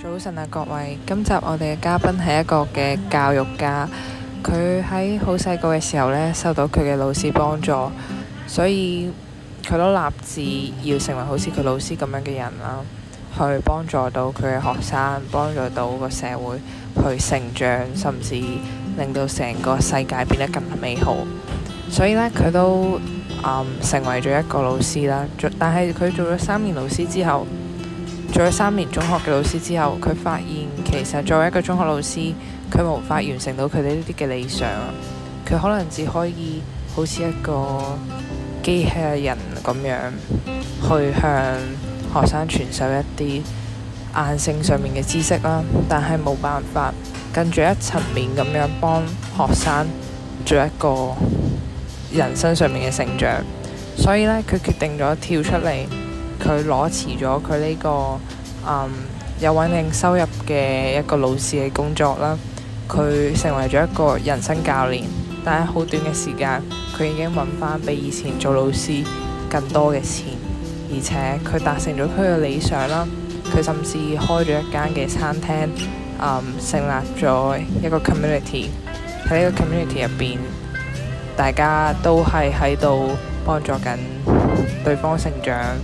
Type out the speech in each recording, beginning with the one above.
早晨啊，各位，今集我哋嘅嘉賓係一個嘅教育家。佢喺好細個嘅時候呢，受到佢嘅老師幫助，所以佢都立志要成為好似佢老師咁樣嘅人啦，去幫助到佢嘅學生，幫助到個社會去成長，甚至，令到成個世界變得更美好，所以呢，佢都、嗯、成為咗一個老師啦。但係佢做咗三年老師之後，做咗三年中學嘅老師之後，佢發現其實作為一個中學老師，佢無法完成到佢哋呢啲嘅理想。佢可能只可以好似一個機器人咁樣去向學生傳授一啲硬性上面嘅知識啦，但係冇辦法。跟住一層面咁樣幫學生做一個人生上面嘅成長，所以呢，佢決定咗跳出嚟，佢攞辭咗佢呢個、嗯、有穩定收入嘅一個老師嘅工作啦，佢成為咗一個人生教練。但係好短嘅時間，佢已經揾返比以前做老師更多嘅錢，而且佢達成咗佢嘅理想啦。佢甚至開咗一間嘅餐廳。Um, 成立咗一個 community 喺呢個 community 入邊，大家都係喺度幫助緊對方成長。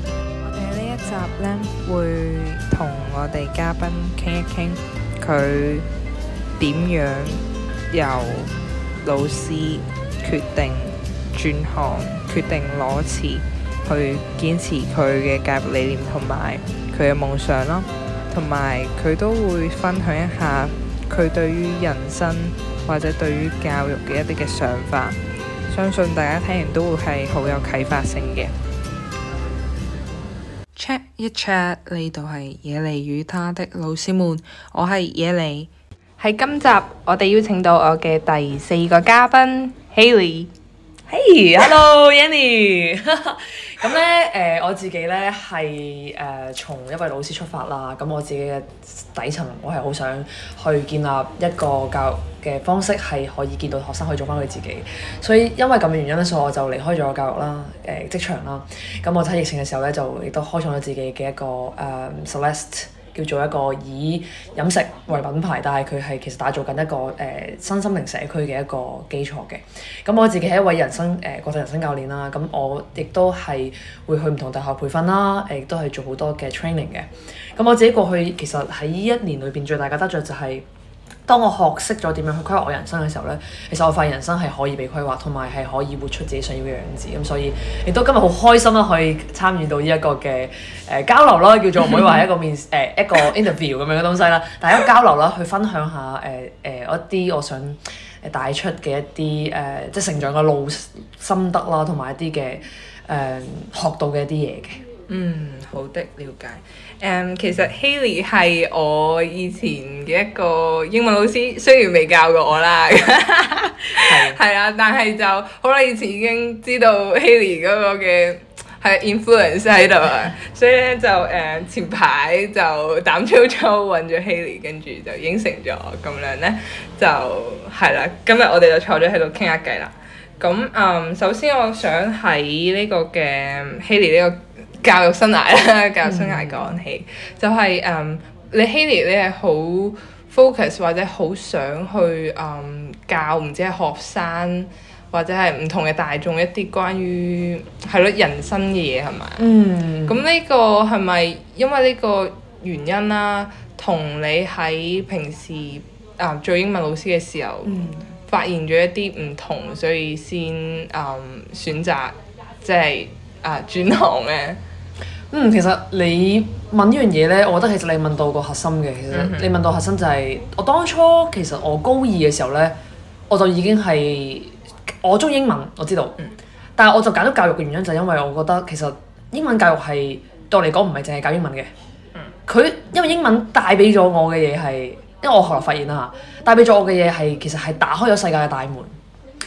我哋呢一集呢，會同我哋嘉賓傾一傾，佢點樣由老師決定轉行，決定攞辭去堅持佢嘅教育理念同埋佢嘅夢想囉。同埋佢都會分享一下佢對於人生或者對於教育嘅一啲嘅想法，相信大家聽完都會係好有啟發性嘅。Check 一 check 呢度係野梨與他的老師們，我係野梨，喺今集我哋邀請到我嘅第四個嘉賓 Hailey。Ha Hello Yanny。咁咧、hey, 誒、呃、我自己咧係誒從一位老師出發啦。咁我自己嘅底層，我係好想去建立一個教育嘅方式，係可以見到學生去做翻佢自己。所以因為咁嘅原因咧，所以我就離開咗教育啦，誒、呃、職場啦。咁我睇疫情嘅時候咧，就亦都開創咗自己嘅一個誒、呃叫做一個以飲食為品牌，但係佢係其實打造緊一個誒、呃、身心靈社區嘅一個基礎嘅。咁、嗯、我自己係一位人生誒、呃、國際人生教練啦，咁、嗯、我亦都係會去唔同大學培訓啦，誒、呃、都係做好多嘅 training 嘅。咁、嗯、我自己過去其實喺呢一年裏邊最大嘅得着就係、是。當我學識咗點樣去規劃我人生嘅時候呢，其實我發現人生係可以被規劃，同埋係可以活出自己想要嘅樣子。咁、嗯、所以亦都今日好開心啦，可以參與到呢一個嘅誒、呃、交流啦，叫做唔會話一個面誒、 呃、一個 interview 咁樣嘅東西啦，大家交流啦，去分享下誒誒一啲我想誒帶出嘅一啲誒、呃、即係成長嘅路心得啦，同埋一啲嘅誒學到嘅一啲嘢嘅。嗯，好的，了解。誒，um, 其實 Hailey 係我以前嘅一個英文老師，雖然未教過我啦，係 啊的， 但係就好耐以前已經知道 Hailey 嗰個嘅係 influence 喺度啊，的所以咧就誒、uh, 前排就膽粗粗揾咗 Hailey，跟住就應承咗咁樣咧，就係啦。今日我哋就坐咗喺度傾下偈啦。咁誒，um, 首先我想喺呢個嘅 Hailey 呢、這個。教育生涯啦，教育生涯講起、嗯、就係、是、誒，um, 你 Hailey 你係好 focus 或者好想去誒、um, 教唔知係學生或者係唔同嘅大眾一啲關於係咯人生嘅嘢係咪？嗯。咁呢個係咪因為呢個原因啦、啊？同你喺平時啊、呃、做英文老師嘅時候、嗯、發現咗一啲唔同，所以先誒、嗯、選擇即係啊轉行咧？嗯，其實你問呢樣嘢呢，我覺得其實你問到個核心嘅。其實你問到核心就係、是，我當初其實我高二嘅時候呢，我就已經係我中意英文，我知道，但係我就揀咗教育嘅原因就係因為我覺得其實英文教育係對我嚟講唔係淨係教英文嘅。佢、嗯、因為英文帶俾咗我嘅嘢係，因為我後來發現啦嚇，帶俾咗我嘅嘢係其實係打開咗世界嘅大門，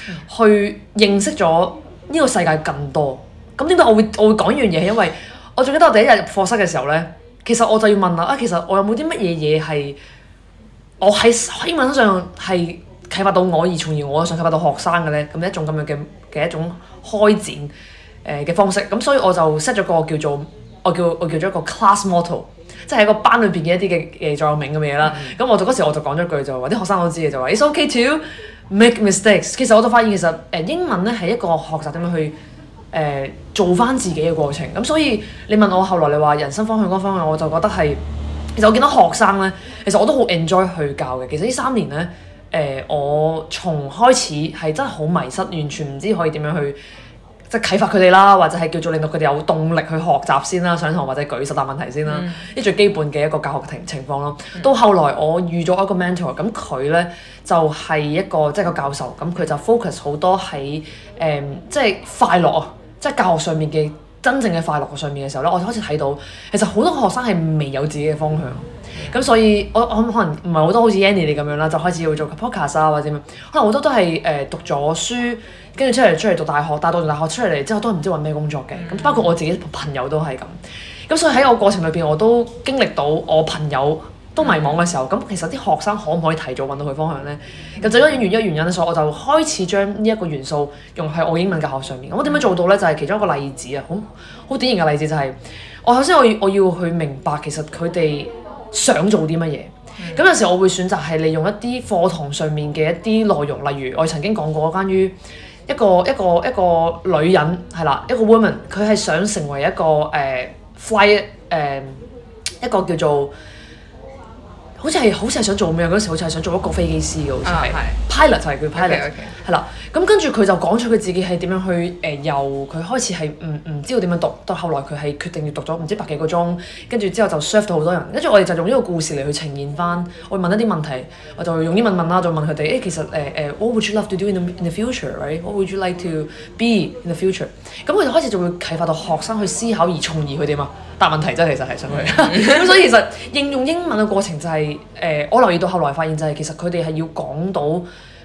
嗯、去認識咗呢個世界更多。咁點解我會我會講呢樣嘢係因為？ 我仲記得我第一日入課室嘅時候咧，其實我就要問啦啊，其實我有冇啲乜嘢嘢係我喺英文上係啟發到我，而從而我想啟發到學生嘅咧，咁一種咁樣嘅嘅一種開展誒嘅、呃、方式。咁所以我就 set 咗個叫做我叫我叫咗個 class motto，即係喺個班裏邊嘅一啲嘅嘅座右銘咁嘅嘢啦。咁、mm hmm. 我，我就嗰時我就講咗句就話啲學生都知嘅就話 It's okay to make mistakes。其實我就發現其實誒英文咧係一個學習點樣去。誒、呃、做翻自己嘅過程，咁、嗯、所以你問我後來你話人生方向嗰方向，我就覺得係，其實我見到學生呢，其實我都好 enjoy 去教嘅。其實呢三年呢，誒、呃、我從開始係真係好迷失，完全唔知可以點樣去即係、就是、啟發佢哋啦，或者係叫做令到佢哋有動力去學習先啦，上堂或者舉實例問題先啦，呢、嗯、最基本嘅一個教學嘅情情況咯。嗯、到後來我遇咗一個 mentor，咁佢呢就係、是、一個即係、就是個,就是、個教授，咁佢就 focus 好多喺誒即係快樂啊！即係教學上面嘅真正嘅快樂上面嘅時候咧，我就開始睇到其實好多學生係未有自己嘅方向，咁所以我我可能唔係好多好似 Yanni 咁樣啦，就開始要做 podcast 啊或者咩，可能好多都係誒、呃、讀咗書，跟住出嚟出嚟讀大學，但係讀完大學出嚟嚟之後都唔知揾咩工作嘅，咁包括我自己朋友都係咁，咁所以喺我過程裏邊我都經歷到我朋友，都迷茫嘅時候，咁其實啲學生可唔可以提早揾到佢方向呢？咁就一原因原因，所以我就開始將呢一個元素用喺我英文教學上面。我點樣做到呢？就係、是、其中一個例子啊，好好典型嘅例子就係、是、我首先我要我要去明白其實佢哋想做啲乜嘢。咁有時我會選擇係利用一啲課堂上面嘅一啲內容，例如我曾經講過關於一個一個一個女人係啦，一個 woman，佢係想成為一個誒、uh, fly 誒、uh, 一個叫做。好似係，好似係想做咩？嗰時好似係想做一個飛機師嘅，好似係 pilot 就係佢 pilot，係啦。咁跟住佢就講出佢自己係點樣去誒，由佢、呃、開始係唔唔知道點樣讀，到後來佢係決定要讀咗唔知百幾個鐘。跟住之後就 serve 到好多人。跟住我哋就用呢個故事嚟去呈現返。我會問一啲問題，我就會用啲問問啦，就問佢哋誒其實誒誒、uh, uh,，what would you love to do in the, in the future？Right？What would you like to be in the future？咁佢就開始就會啟發到學生去思考而，而從而佢哋嘛。但問題真係其實係想去，咁、 嗯、所以其實應用英文嘅過程就係、是，誒、呃，我留意到後來發現就係、是、其實佢哋係要講到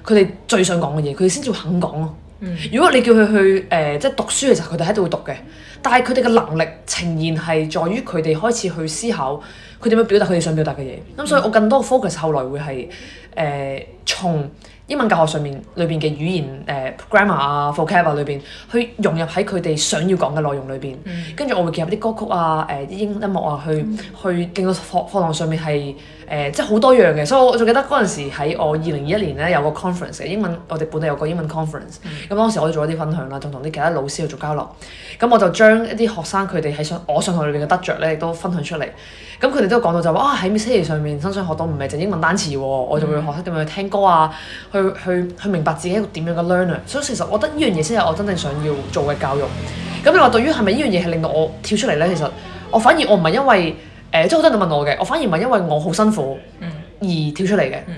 佢哋最想講嘅嘢，佢哋先至肯講咯。嗯、如果你叫佢去誒，即、呃、係、就是、讀書嘅時候，佢哋喺度會讀嘅，但係佢哋嘅能力呈現係在於佢哋開始去思考佢點樣表達佢哋想表達嘅嘢。咁、嗯嗯、所以我更多嘅 focus 後來會係誒、呃、從。英文教學上裡面裏邊嘅語言誒、呃、grammar 啊 vocab 裏邊，去融入喺佢哋想要講嘅內容裏邊。嗯、跟住我會結合啲歌曲啊、誒啲英音樂啊，去、嗯、去令到課課堂上面係。誒、呃，即係好多樣嘅，所以我仲記得嗰陣時喺我二零二一年咧有個 conference，英文我哋本地有個英文 conference，咁當時我都做一啲分享啦，仲同啲其他老師去做交流。咁我就將一啲學生佢哋喺上我上堂裏邊嘅得着咧，亦都分享出嚟。咁佢哋都講到就話啊喺 Miss Hailey 上面身上學到唔係淨係、英文單詞喎、啊，我仲會學識點樣去聽歌啊，去去去，去明白自己一個點樣嘅 learner。所以其實我覺得呢樣嘢先係我真正想要做嘅教育。咁你話對於係咪呢樣嘢係令到我跳出嚟咧？其實我反而我唔係因為。誒，即係好多人都問我嘅，我反而唔係因為我好辛苦而跳出嚟嘅，嗯、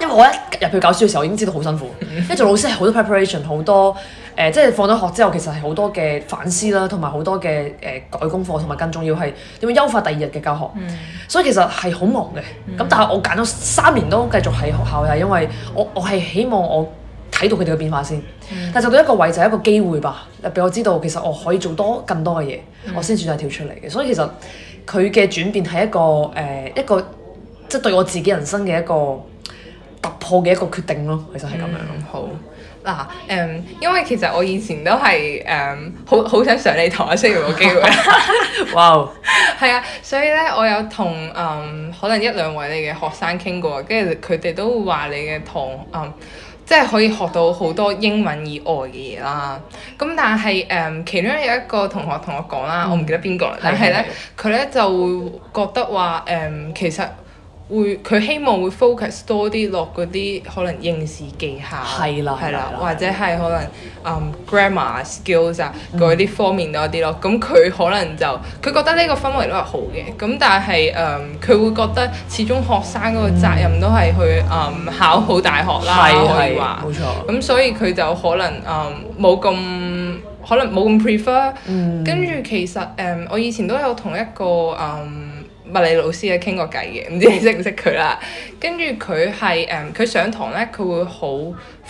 因為我一入去教書嘅時候我已經知道好辛苦，嗯、因為做老師係好多 preparation，好多誒，即、呃、係、就是、放咗學之後其實係好多嘅反思啦，同埋好多嘅誒改功課，同埋更重要係點樣優化第二日嘅教學。嗯、所以其實係好忙嘅，咁、嗯、但係我揀咗三年都繼續喺學校，就係因為我我係希望我睇到佢哋嘅變化先。嗯、但就到一個位就係一個機會吧，俾我知道其實我可以做多更多嘅嘢，嗯、我先選擇跳出嚟嘅。所以其實。佢嘅轉變係一個誒、呃、一個，即係對我自己人生嘅一個突破嘅一個決定咯。其實係咁樣。嗯、好嗱誒、啊嗯，因為其實我以前都係誒、嗯、好好想上你堂啊，雖然冇機會。哇！係 啊，所以咧我有同誒、嗯、可能一兩位你嘅學生傾過，跟住佢哋都會話你嘅堂誒。嗯即係可以學到好多英文以外嘅嘢啦，咁但係誒、嗯，其中有一個同學同我講啦，嗯、我唔記得邊個啦，但係咧，佢咧 就會覺得話誒、嗯，其實。會佢希望會 focus 多啲落嗰啲可能應試技巧，係啦係啦，的的或者係可能、um, grammar skills 啊嗰啲、嗯、方面多啲咯。咁佢可能就佢覺得呢個氛圍都係好嘅。咁但係誒佢會覺得始終學生嗰個責任都係去誒、um, 考好大學啦，的可以話。冇錯。咁所以佢就可能誒冇咁可能冇咁 prefer、嗯。跟住其實誒、um, 我以前都有同一個誒。Um, 物理老師啊，傾過偈嘅，唔知你識唔識佢啦？跟住佢係，誒、嗯，佢上堂咧，佢會好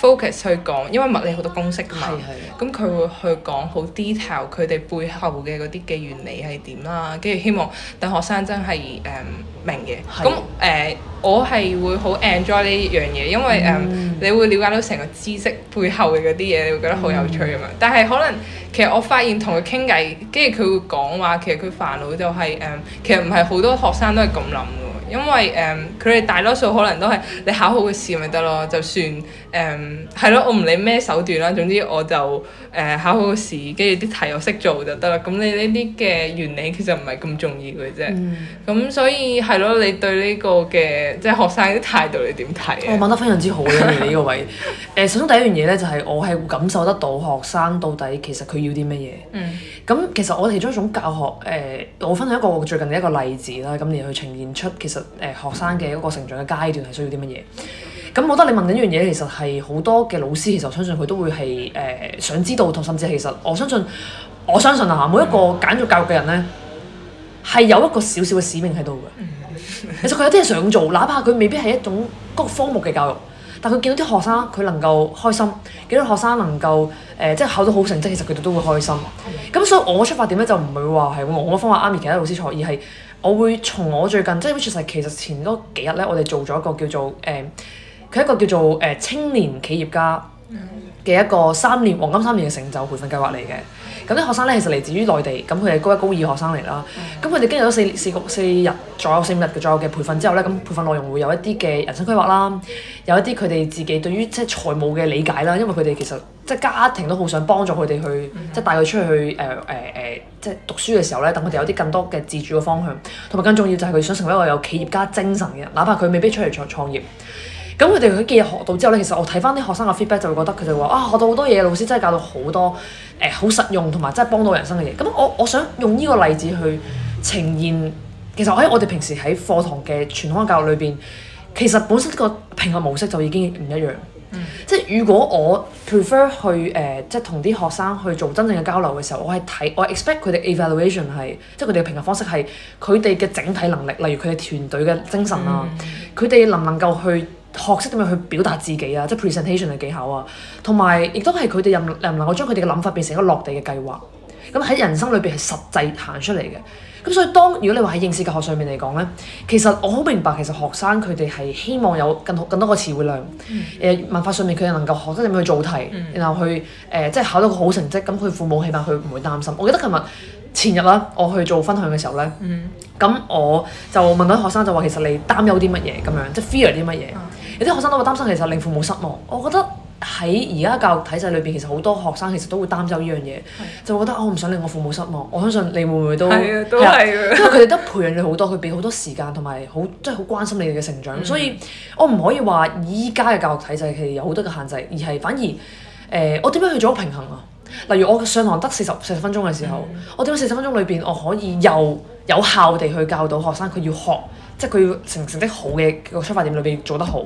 focus 去講，因為物理好多公式嘛係，咁佢的、嗯、會去講好 detail 佢哋背後嘅啲嘅原理係點啦，跟住希望等學生真係誒、嗯、明嘅。咁誒的、呃、我係會好 enjoy 呢樣嘢，因為誒、嗯嗯、你會了解到成個知識背後嘅啲嘢，你會覺得好有趣啊嘛。嗯、但係可能其實我發現同佢傾偈，跟住佢會講話，其實佢煩惱就係、是、誒、嗯、其實唔係好多學生都係咁諗。因為誒，佢、嗯、哋大多數可能都係你考好嘅試咪得咯，就算誒，係、嗯、咯，我唔理咩手段啦，總之我就誒、呃、考好個試，跟住啲題我識做就得啦。咁你呢啲嘅原理其實唔係咁重要嘅啫。咁、嗯、所以係咯，你對呢個嘅即係學生啲態度你，你點睇？我問得非常之好啦，你呢個位誒， 首先第一樣嘢咧就係我係感受得到學生到底其實佢要啲乜嘢。咁、嗯、其實我其中一種教學誒、呃，我分享一個最近一個例子啦，咁嚟去呈現出其實。誒，學生嘅一個成長嘅階段係需要啲乜嘢？咁我覺得你問緊呢樣嘢，其實係好多嘅老師其，呃、其實我相信佢都會係誒，想知道同甚至其實，我相信我相信啊，每一個揀做教育嘅人咧，係有一個小小嘅使命喺度嘅。 其實佢有啲想做，哪怕佢未必係一種各科目嘅教育，但佢見到啲學生佢能夠開心，見到學生能夠誒、呃，即係考到好成績，其實佢哋都會開心。咁、嗯、所以我出發點咧，就唔會話係我嘅方法啱，其他老師錯，而係。我會從我最近，即係，其實前嗰幾日咧，我哋做咗一個叫做佢、呃、一個叫做、呃、青年企業家嘅一個三年黃金三年嘅成就培訓計劃嚟嘅。咁啲學生咧，其實嚟自於內地，咁佢係高一高二學生嚟啦。咁佢哋經歷咗四四個四日，左右四五日嘅左右嘅培訓之後咧，咁培訓內容會有一啲嘅人生規劃啦，有一啲佢哋自己對於即係財務嘅理解啦。因為佢哋其實即係家庭都好想幫助佢哋去、mm hmm. 即係帶佢出去誒誒誒，即係讀書嘅時候咧，等佢哋有啲更多嘅自主嘅方向，同埋更重要就係佢想成為一個有企業家精神嘅人，哪怕佢未必出嚟創創業。咁佢哋佢嘅學到之後咧，其實我睇翻啲學生嘅 feedback 就會覺得佢就話啊學到好多嘢，老師真係教到好多誒好、呃、實用同埋真係幫到人生嘅嘢。咁我我想用呢個例子去呈現，其實喺我哋平時喺課堂嘅傳統嘅教育裏邊，其實本身個評核模式就已經唔一樣。嗯、即係如果我 prefer 去誒、呃，即係同啲學生去做真正嘅交流嘅時候，我係睇我 expect 佢哋 evaluation 係，即係佢哋嘅評核方式係佢哋嘅整體能力，例如佢哋團隊嘅精神啊，佢哋、嗯、能唔能夠去？學識點樣去表達自己啊，即係 presentation 嘅技巧啊，同埋亦都係佢哋又能唔能夠將佢哋嘅諗法變成一個落地嘅計劃。咁喺人生裏邊係實際行出嚟嘅。咁所以當如果你話喺應試教學上面嚟講咧，其實我好明白其實學生佢哋係希望有更好更多個詞彙量，誒、嗯、文化上面佢哋能夠學得點樣去做題，嗯、然後去誒、呃、即係考到個好成績，咁佢父母起碼佢唔會擔心。我記得琴日前日啦，我去做分享嘅時候咧，咁、嗯、我就問到學生就話其實你擔憂啲乜嘢咁樣，即係 fear 啲乜嘢？啊。有啲學生都會擔心，其實令父母失望。我覺得喺而家教育體制裏邊，其實好多學生其實都會擔憂依樣嘢，的就會覺得我唔想令我父母失望。我相信你會唔會都，都因為佢哋得培養你好多，佢俾好多時間同埋好即係好關心你哋嘅成長。嗯、所以我唔可以話依家嘅教育體制係有好多嘅限制，而係反而誒、呃，我點樣去做到平衡啊？例如我上堂得四十四十分鐘嘅時候，嗯、我點樣四十分鐘裏邊我可以又有，有效地去教導學生佢要學？即係佢要成成績好嘅個出發點裏邊做得好，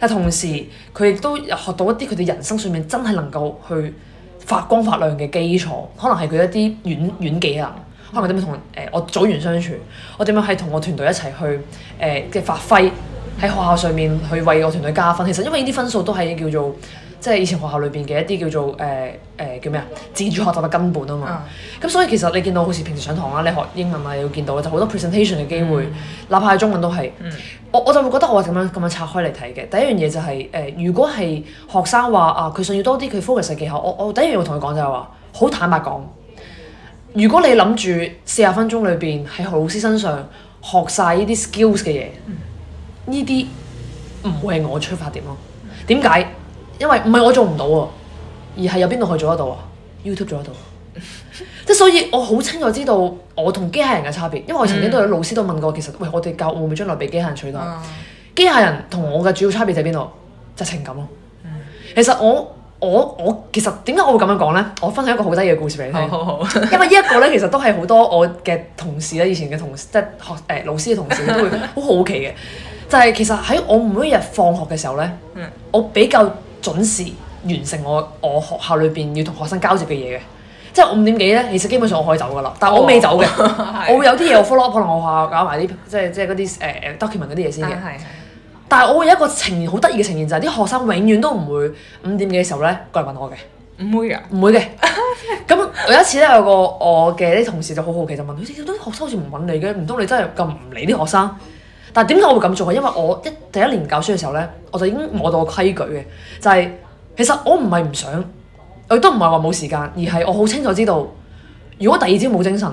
但同時佢亦都學到一啲佢哋人生上面真係能夠去發光發亮嘅基礎，可能係佢一啲軟軟技能，可能我點樣同誒我組員相處，我點樣喺同我團隊一齊去誒即係、呃、發揮喺學校上面去為我團隊加分。其實因為呢啲分數都係叫做。即係以前學校裏邊嘅一啲叫做誒誒、呃呃、叫咩啊？自主學習嘅根本啊嘛。咁、uh. 所以其實你見到好似平時上堂啦，你學英文啊，要會見到就好多 presentation 嘅機會，mm. 哪怕係中文都係、mm.。我我就會覺得我係咁樣咁樣拆開嚟睇嘅。第一樣嘢就係、是、誒、呃，如果係學生話啊，佢想要多啲佢 focus 嘅技巧，我我第一樣嘢要同佢講就係、是、話，好坦白講，如果你諗住四十分鐘裏邊喺老師身上學晒呢啲 skills 嘅嘢，呢啲唔會係我出發點咯、啊。點解、mm.？因為唔係我做唔到啊，而係有邊度可以做得到啊？YouTube 做得到，即 係所以我好清楚知道我同機械人嘅差別。因為我曾經都有老師都問過，嗯、其實喂，我哋教會唔會將來俾機械人取代？嗯、機械人同我嘅主要差別喺邊度？就係情感咯、嗯。其實我我我其實點解我會咁樣講咧？我分享一個好得意嘅故事俾你聽。哦、好好 因為呢一個咧，其實都係好多我嘅同事咧，以前嘅同事，即係學誒、呃、老師嘅同事都會好好奇嘅。就係 其實喺我每一日放學嘅時候咧，嗯、我比較，準時完成我我學校裏邊要同學生交接嘅嘢嘅，即係五點幾咧，其實基本上我可以走噶啦，但係我未走嘅、oh. 我會有啲嘢我 follow，可能我學校搞埋啲即係即係嗰啲誒 document 嗰啲嘢先嘅。但係我會有一個情言好得意嘅呈言就係、是、啲學生永遠都唔會五點幾嘅時候咧過嚟問我嘅。唔會㗎、啊，唔會嘅。咁 有一次咧，有個我嘅啲同事就好好奇就問：你點啲學生好似唔揾你嘅？唔通你真係咁唔理啲學生？但係點解我會咁做啊？因為我一第一年教書嘅時候咧，我就已經摸到個規矩嘅，就係、是、其實我唔係唔想，我都唔係話冇時間，而係我好清楚知道，如果第二朝冇精神，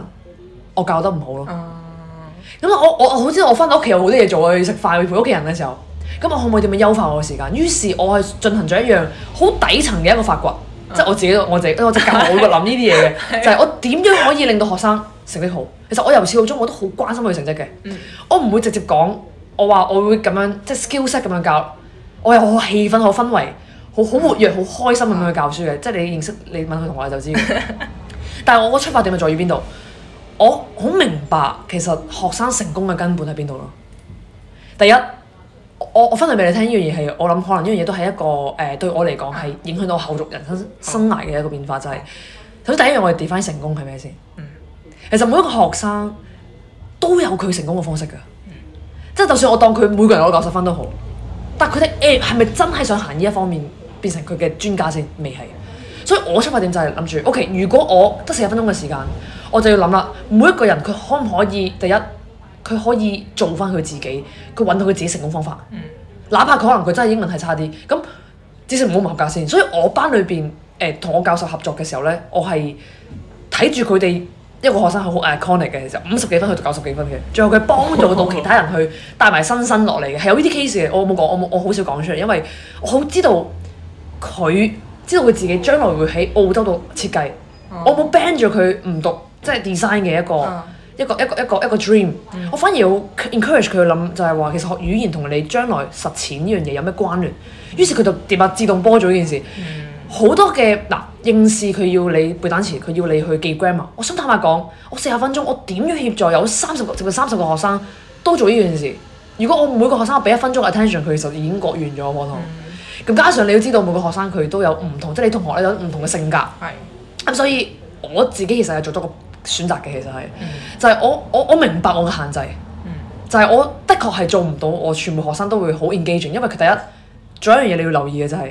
我教得唔好咯。咁、嗯、我我我知道我返到屋企有好多嘢做啊，要食飯要陪屋企人嘅時候，咁我可唔可以點樣優化我嘅時間？於是，我係進行咗一樣好底層嘅一個發掘，即係、嗯、我自己，我自己，我就教 我會諗呢啲嘢嘅，就係、是、我點樣可以令到學生。成績好，其實我由始到終我都好關心佢成績嘅，嗯、我唔會直接講，我話我會咁樣即係 skillset 咁樣教，我有好氣氛、好氛圍、好好活躍、好開心咁樣去教書嘅，即係你認識你問佢同學就知。 但係我個出發點咪在於邊度？我好明白其實學生成功嘅根本喺邊度咯。第一，我我分享俾你聽呢樣嘢係我諗可能呢樣嘢都係一個誒對我嚟講係影響到後續人生、嗯、生涯嘅一個變化，就係、首、咁。第一樣我哋 define 成功係咩先？嗯其實每一個學生都有佢成功嘅方式㗎，即係、嗯、就，就算我當佢每個人攞九十分都好，但佢哋誒係咪真係想行呢一方面變成佢嘅專家先未係？所以我出發點就係諗住，OK，如果我得四十分鐘嘅時間，我就要諗啦，每一個人佢可唔可以第一佢可以做翻佢自己，佢搵到佢自己成功方法，嗯、哪怕佢可能佢真係英文係差啲，咁至少唔好唔合格先。所以我班裏邊誒同我教授合作嘅時候呢，我係睇住佢哋。一個學生係好 iconic 嘅其實，五十幾分去到九十幾分嘅，最後佢幫助到其他人去帶埋新生落嚟嘅，係 有呢啲 case 嘅。我冇講，我冇，我好少講出嚟，因為我好知道佢知道佢自己將來會喺澳洲度設計。Oh. 我冇 ban 咗佢唔讀，即係 design 嘅一個、oh. 一個一個一個一個 dream。個 ream, mm. 我反而好 encourage 佢去諗，就係話其實學語言同你將來實踐呢樣嘢有咩關聯。於是佢就點啊自動播咗呢件事。Mm. 好多嘅嗱，應試佢要你背單詞，佢要你去記 grammar。我想坦白講，我四十分鐘，我點樣協助有三十個，甚至三十個學生都做呢件事？如果我每個學生我俾一分鐘嘅 attention，佢就已經過完咗課堂。咁加上你要知道每個學生佢都有唔同，即係你同學咧有唔同嘅性格。咁所以我自己其實係做咗個選擇嘅，其實係就係我我我明白我嘅限制，就係我的確係做唔到，我全部學生都會好 engaging。因為佢第一，做一樣嘢你要留意嘅就係。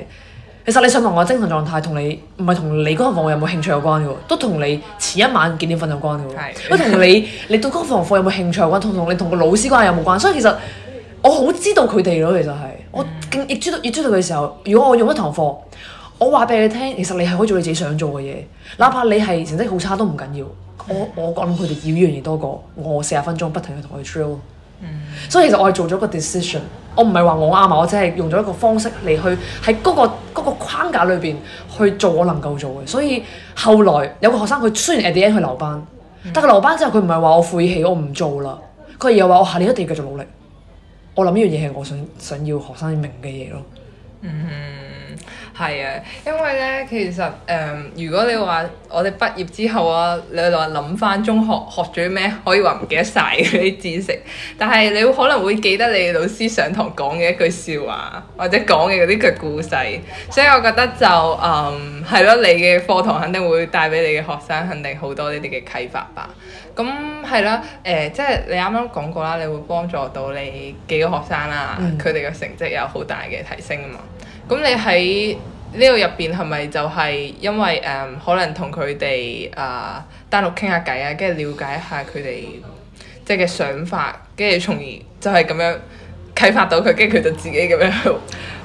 其實你上堂嘅精神狀態同你唔係同你嗰堂課有冇興趣有關嘅，都同你前一晚幾點瞓有關嘅， 都同你你對嗰堂課有冇興趣有關，同同你同個老師關係有冇關。所以其實我好知道佢哋咯，其實係我亦知道，亦知道嘅時候。如果我用一堂課，我話俾你聽，其實你係可以做你自己想做嘅嘢，哪怕你係成績好差都唔緊要。我我覺得佢哋要呢樣嘢多過我四十分鐘不停去同佢 drill。所以其實我係做咗一個 decision，我唔係話我啱啊，我只係用咗一個方式嚟去喺嗰、嗰個嗰個框架裏邊去做我能夠做嘅。所以後來有個學生佢雖然 at the end 去留班，但係留班之後佢唔係話我晦氣我唔做啦，佢又話我下年一定要繼續努力。我諗呢樣嘢係我想想要學生明嘅嘢咯。嗯。 係啊，因為咧，其實誒、呃，如果你話我哋畢業之後啊，你話諗翻中學學咗咩，可以話唔記得晒嗰啲知識，但係你可能會記得你老師上堂講嘅一句笑話，或者講嘅嗰啲句故事。所以我覺得就嗯，係咯，你嘅課堂肯定會帶俾你嘅學生，肯定好多呢啲嘅啟發吧。咁係啦，誒、呃，即係你啱啱講過啦，你會幫助到你幾個學生啦、啊，佢哋嘅成績有好大嘅提升啊嘛。咁你喺呢個入邊係咪就係因為誒、呃、可能同佢哋啊單獨傾下偈啊，跟住了解一下佢哋即係嘅想法，跟住從而就係咁樣啟發到佢，跟住佢就自己咁樣 好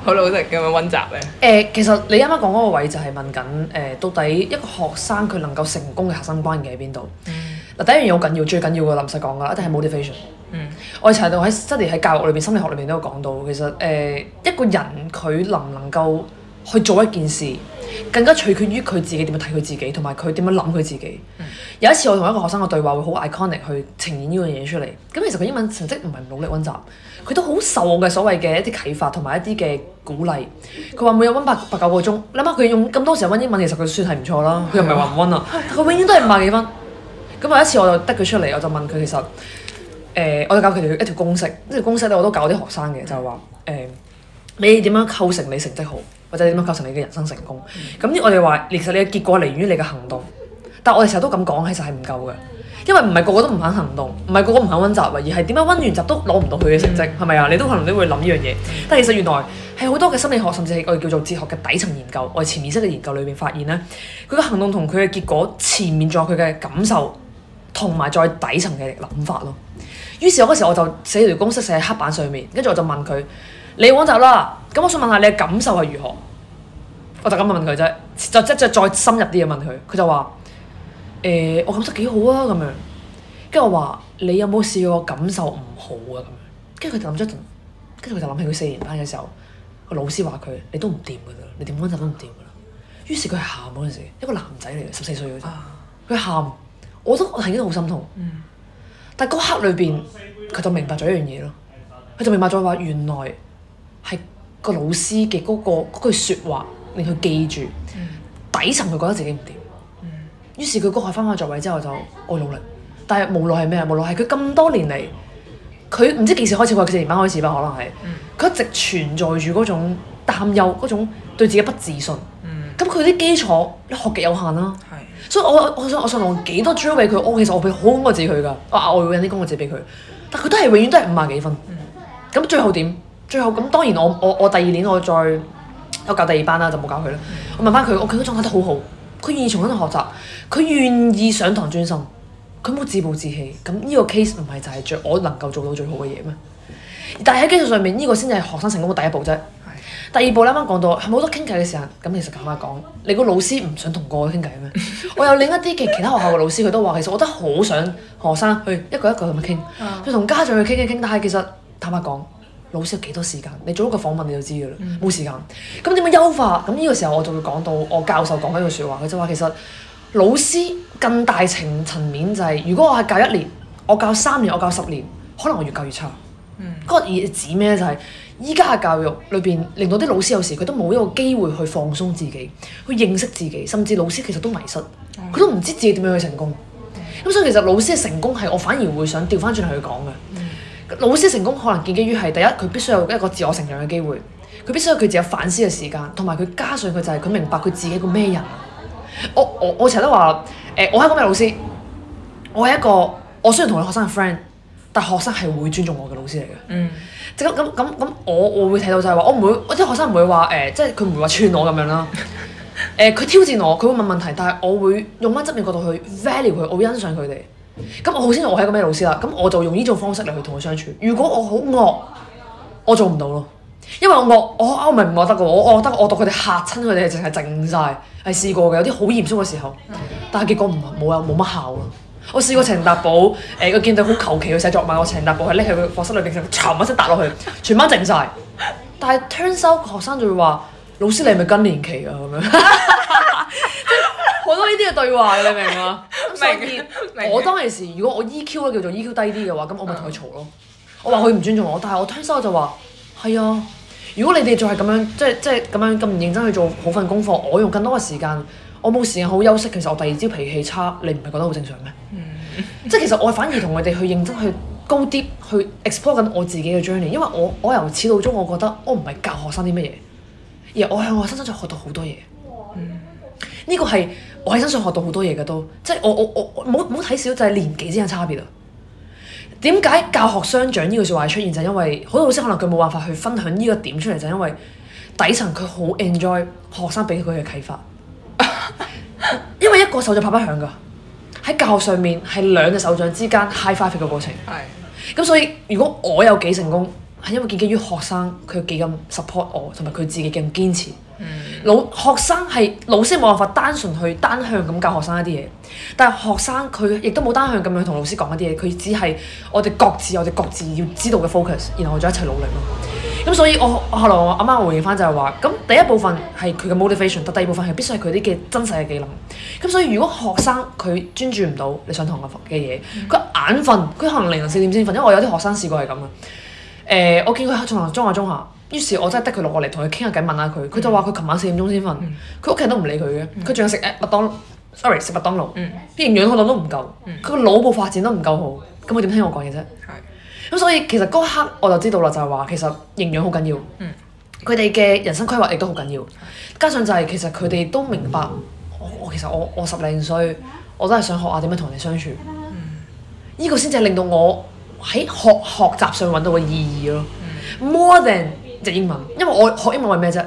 好努力咁樣温習咧。誒、呃，其實你啱啱講嗰個位就係問緊誒、呃，到底一個學生佢能夠成功嘅核心關鍵喺邊度？第一樣嘢好緊要，最緊要嘅林實講噶，一定係 motivation。嗯、我哋查到喺 study 喺教育裏邊、心理學裏邊都有講到，其實誒、呃、一個人佢能唔能夠去做一件事，更加取決於佢自己點樣睇佢自己，同埋佢點樣諗佢自己。自己嗯、有一次我同一個學生嘅對話會好 iconic 去呈現呢樣嘢出嚟。咁其實佢英文成績唔係唔努力温習，佢都好受我嘅所謂嘅一啲啟發同埋一啲嘅鼓勵。佢話每日温八八九個鐘，你諗下佢用咁多時間温英文，其實佢算係唔錯啦。佢、嗯、又唔係話唔温啊，佢 永遠都係五百幾分。咁有一次我就得佢出嚟，我就問佢其實，誒、呃，我就教佢哋一條公式，一條公式咧，我都教啲學生嘅，就係話誒，你點樣構成你成績好，或者點樣構成你嘅人生成功？咁、嗯、我哋話，其實你嘅結果嚟於你嘅行動，但係我哋成日都咁講，其實係唔夠嘅，因為唔係個個都唔肯行動，唔係個個唔肯温習啊，而係點樣温完習都攞唔到佢嘅成績，係咪啊？你都可能都會諗呢樣嘢，但係其實原來係好多嘅心理學，甚至係我哋叫做哲學嘅底層研究，我哋潛意識嘅研究裏面發現咧，佢嘅行動同佢嘅結果前面仲有佢嘅感受。同埋再底層嘅諗法咯。於是嗰時我就寫條公式寫喺黑板上面，跟住我就問佢：你温習啦，咁我想問下你嘅感受係如何？我就咁問佢啫，就即再深入啲嘢問佢。佢就話：誒、欸，我感受幾好啊咁樣。跟住我話：你有冇試過感受唔好啊？咁樣。跟住佢就諗咗一陣，跟住佢就諗起佢四年班嘅時候，個老師話佢：你都唔掂噶啦，你點温習都唔掂噶啦。於是佢係喊嗰陣時，一個男仔嚟嘅，十四歲嗰陣，佢喊、啊。我都我係已經好心痛，嗯、但係嗰刻裏邊佢就明白咗一樣嘢咯，佢就明白咗話原來係個老師嘅嗰、嗰個、句説話令佢記住，嗯、底層佢覺得自己唔掂，嗯、於是佢嗰下翻返座位之後就我努力，但係無奈係咩啊？無奈係佢咁多年嚟，佢唔知幾時開始嘅，佢四年班開始吧，可能係，佢、嗯、一直存在住嗰種擔憂，嗰種對自己不自信，咁佢啲基礎你學極有限啦、啊。所以我我上我上堂幾多追尾佢，我其實我俾好多個字佢噶，我額外會印啲公文紙俾佢，但佢都係永遠都係五十幾分。咁最後點？最後咁當然我我我第二年我再我教第二班啦，就冇教佢啦。我問翻佢，我佢嘅狀態都好好，佢願意重喺嗰度學習，佢願意上堂專心，佢冇自暴自棄。咁呢個 case 唔係就係最我能夠做到最好嘅嘢咩？但係喺基礎上面，呢、呢個先係學生成功嘅第一步啫。第二步啱啱講到係冇得傾偈嘅時候，咁其實坦白講，你個老師唔想同個個傾偈咩？ 我有另一啲嘅其，其他學校嘅老師，佢都話其實我真係好想學生去一個一個咁樣傾，去同 家長去傾一傾。但係其實坦白講，老師有幾多時間？你做一個訪問你就知噶啦，冇、嗯、時間。咁點樣優化？咁呢個時候我就會講到我教授講緊呢句説話，佢就話其實老師更大情層面就係、是，如果我係教一年，我教三年，我教十年，可能我越教越差。嗯，嗰個意思指咩呢就係、是？依家嘅教育裏邊，令到啲老師有時佢都冇一個機會去放鬆自己，去認識自己，甚至老師其實都迷失，佢都唔知自己點樣去成功。咁所以其實老師嘅成功係我反而會想調翻轉嚟去講嘅。嗯、老師成功可能建基於係第一，佢必須有一個自我成長嘅機會，佢必須有佢自己反思嘅時間，同埋佢加上佢就係佢明白佢自己個咩人。我我我成日都話誒，我係、呃、一個咩老師？我係一個我雖然同你學生係 friend，但學生係會尊重我嘅老師嚟嘅。嗯。即咁咁咁我我會睇到就係話，我唔會，我啲學生唔會話誒、呃，即係佢唔會話串我咁樣啦。誒、呃，佢挑戰我，佢會問問題，但係我會用翻正面角度去 value 佢，我欣賞佢哋。咁我好清楚我係一個咩老師啦。咁我就用呢種方式嚟去同佢相處。如果我好惡，我做唔到咯。因為我惡，我我明唔惡得嘅，我惡得我讀佢哋嚇親佢哋，淨係靜晒，係試過嘅。有啲好嚴肅嘅時候，但係結果唔冇有冇乜效啊。我試過程達寶，誒個見到好求其嘅寫作文，我程達寶係拎喺個課室裏邊，就一聲揼落去，全班靜晒，但係 turn 收學生就會話： 老師你係咪更年期啊？咁樣即係好多呢啲嘅對話， 你明嗎？咁所以我當其時，如果我 EQ 咧叫做 EQ 低啲嘅話，咁我咪同佢嘈咯。嗯、我話佢唔尊重我，但係我 turn 收就話：係啊，如果你哋仲係咁樣，即係即係咁樣咁認真去做好份功課，我用更多嘅時間。我冇時間好休息，其實我第二朝脾氣差，你唔係覺得好正常咩？ 即係其實我反而同佢哋去認真去高啲去 explore 緊我自己嘅 journey，因為我我由始到終我覺得我唔係教學生啲乜嘢，而係我喺我身上就學到好多嘢。呢個係我喺身上學到好多嘢嘅，都 即係我我我冇冇睇小就係、是、年紀之間差別啊。點解教學相長呢個説話出現就係、是、因為好多老師可能佢冇辦法去分享呢個點出嚟，就是、因為底層佢好 enjoy 學生俾佢嘅啟發。因為一個手掌拍不響噶，喺教學上面係兩隻手掌之間 high five 嘅過程。咁對所以如果我有幾成功。係因為感激於學生佢幾咁 support 我，同埋佢自己幾咁堅持。老、嗯、學生係老師冇辦法單純去單向咁教學生一啲嘢，但係學生佢亦都冇單向咁樣同老師講一啲嘢，佢只係我哋各自我哋各自要知道嘅 focus，然後再一齊努力咯。咁所以我，我後來我啱啱回應翻就係、是、話，咁第一部分係佢嘅 motivation，但第二部分係必須係佢啲嘅真實嘅技能。咁所以，如果學生佢專注唔到你上堂講嘅嘢，佢眼瞓，佢可能凌晨四點先瞓，因為我有啲學生試過係咁嘅。誒，我見佢喺中學中下，於是我真係得佢落過嚟同佢傾下偈，問下佢，佢就話佢琴晚四點鐘先瞓，佢屋企人都唔理佢嘅，佢仲有食麥當，sorry 食麥當勞，啲營養可能都唔夠，佢個腦部發展都唔夠好，咁佢點聽我講嘢啫？咁所以其實嗰刻我就知道啦，就係話其實營養好緊要，佢哋嘅人生規劃亦都好緊要，加上就係其實佢哋都明白，我其實我我十零歲，我都係想學下點樣同人哋相處，呢個先至係令到我。喺學學習上揾到個意義咯、mm.，more than 只英文，因為我學英文為咩啫？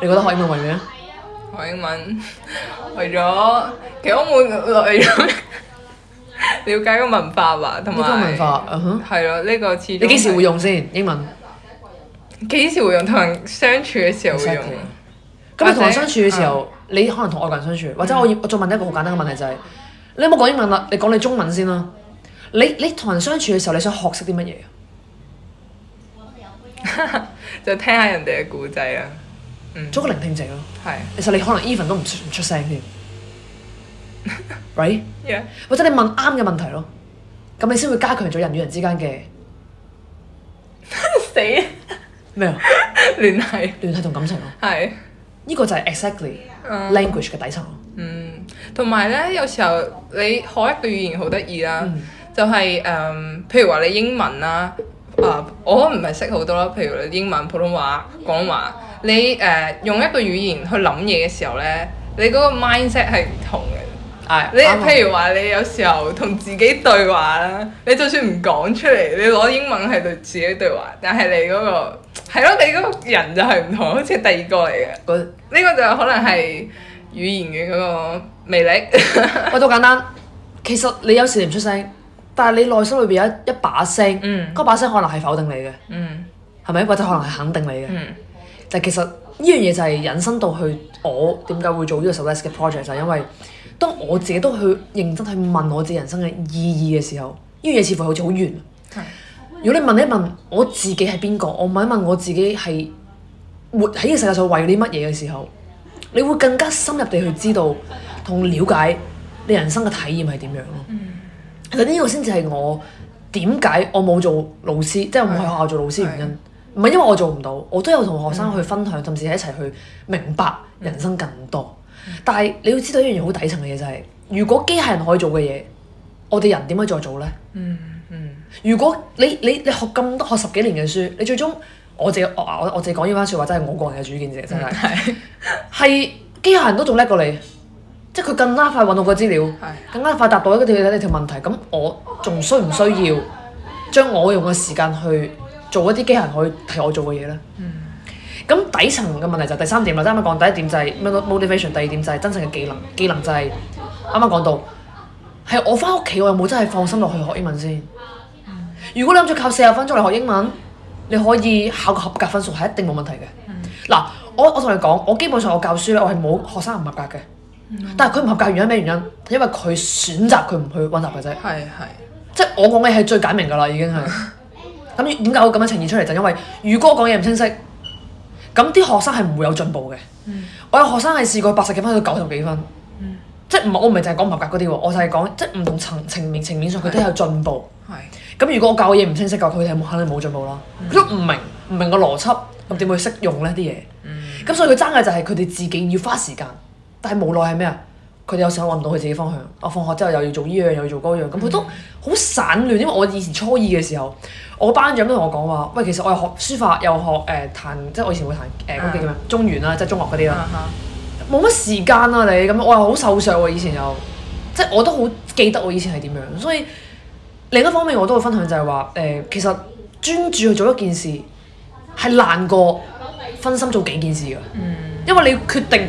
你覺得學英文為咩？學英文為咗其實我會為咗了解個文化吧，同埋文化啊係咯。呢個始終你幾時會用先英文？幾時會用同人相處嘅時候會用？咁 Exactly. 者你同人相處嘅時候，者你可能同外國人相處，或者我我再問一個好簡單嘅問題就係、是：mm. 你有冇講英文呀？你講你中文先啦。你你同人相處嘅時候，你想學識啲乜嘢啊？就聽下人哋嘅故仔啊，嗯，做個聆聽者咯。係。其實你可能 even 都唔出唔出聲添，right？或者你問啱嘅問題咯，咁你先會加強咗人與人之間嘅死咩啊聯繫聯繫同感情咯。係。呢個就係 exactly language 嘅底層咯。嗯，同埋咧，有時候你學一個語言好得意啦。就係、是、誒、呃，譬如話你英文啦，啊、呃，我唔係識好多啦。譬如你英文、普通話、廣東話，你誒、呃、用一個語言去諗嘢嘅時候咧，你嗰個 mindset 係唔同嘅。係、啊，你譬如話你有時候同自己對話啦，你就算唔講出嚟，你攞英文係對自己對話，但係你嗰、那個係咯，你嗰個人就係唔同，好似第二個嚟嘅。呢我 個就可能係語言嘅嗰個魅力。喂我，多 簡單，其實你有時唔出聲。但係你內心裏邊有一一把聲，嗰、嗯、把聲可能係否定你嘅，係咪、嗯？或者可能係肯定你嘅？嗯、但係其實呢樣嘢就係引申到去我點解會做呢個 so less 嘅 project 就係因為當我自己都去認真去問我自己人生嘅意義嘅時候，呢樣嘢似乎好似好遠。嗯、如果你問一問我自己係邊個，我問一問我自己係活喺呢個世界上為咗啲乜嘢嘅時候，你會更加深入地去知道同了解你人生嘅體驗係點樣咯。嗯呢個先至係我點解我冇做老師，即係我冇喺學校做老師，原因唔係因為我做唔到，我都有同學生去分享，嗯、甚至喺一齊去明白人生更多。嗯、但係你要知道一樣嘢好底層嘅嘢就係、是，如果機械人可以做嘅嘢，我哋人點樣再做呢？嗯嗯。嗯、如果你你你學咁多學十幾年嘅書，你最終，我自己我我我自講呢番説話，真係我個人嘅主見啫，真係係、嗯、 機械人都仲叻過你。即係佢更加快揾到個資料，的更加快答到一個你你條問題。咁我仲需唔需要將我用嘅時間去做一啲機械人可以替我做嘅嘢咧？咁、嗯、底層嘅問題就第三點啦。啱啱講第一點就係 motivation，第二點就係真正嘅技能。技能就係啱啱講到係我翻屋企，我又冇真係放心落去學英文先。嗯、如果你諗住靠四十分鐘嚟學英文，你可以考個合格分數係一定冇問題嘅。嗱、嗯，我我同你講，我基本上我教書咧，我係冇學生唔合格嘅。但係佢唔合格原因，咩原因？因為佢選擇佢唔去溫習嘅啫。係、係。即係我講嘅係最簡明㗎啦，已經係。咁點解會咁樣呈現出嚟，就因為如果我講嘢唔清晰，咁啲學生係唔會有進步嘅。嗯、我有學生係試過八十幾分到九十幾分。幾分。嗯、即係唔我唔係淨係講唔合格嗰啲喎，我就係講即係唔同層層面層面上佢都有進步。係。咁如果我教嘅嘢唔清晰，教佢哋係肯定冇進步啦。佢、嗯、都唔明唔明個邏輯，咁點會識用呢啲嘢？咁、嗯嗯、所以佢爭嘅就係佢哋自己要花時間。係無奈係咩啊？佢哋有時候揾唔到佢自己方向。我、啊、放學之後又要做依樣，又要做嗰樣，咁佢、mm. 都好散亂。因為我以前初二嘅時候，我班長都同我講話：，喂，其實我又學書法，又學誒、呃、彈，即係我以前會彈誒嗰叫咩？呃 mm. 中原啦，即係中樂嗰啲啦。冇乜、uh huh. 時間啊！你咁我又好瘦削喎！以前又即係我都好記得我以前係點樣。所以另一方面，我都會分享就係話：誒、呃，其實專注去做一件事係難過分心做幾件事㗎，mm. 因為你決定。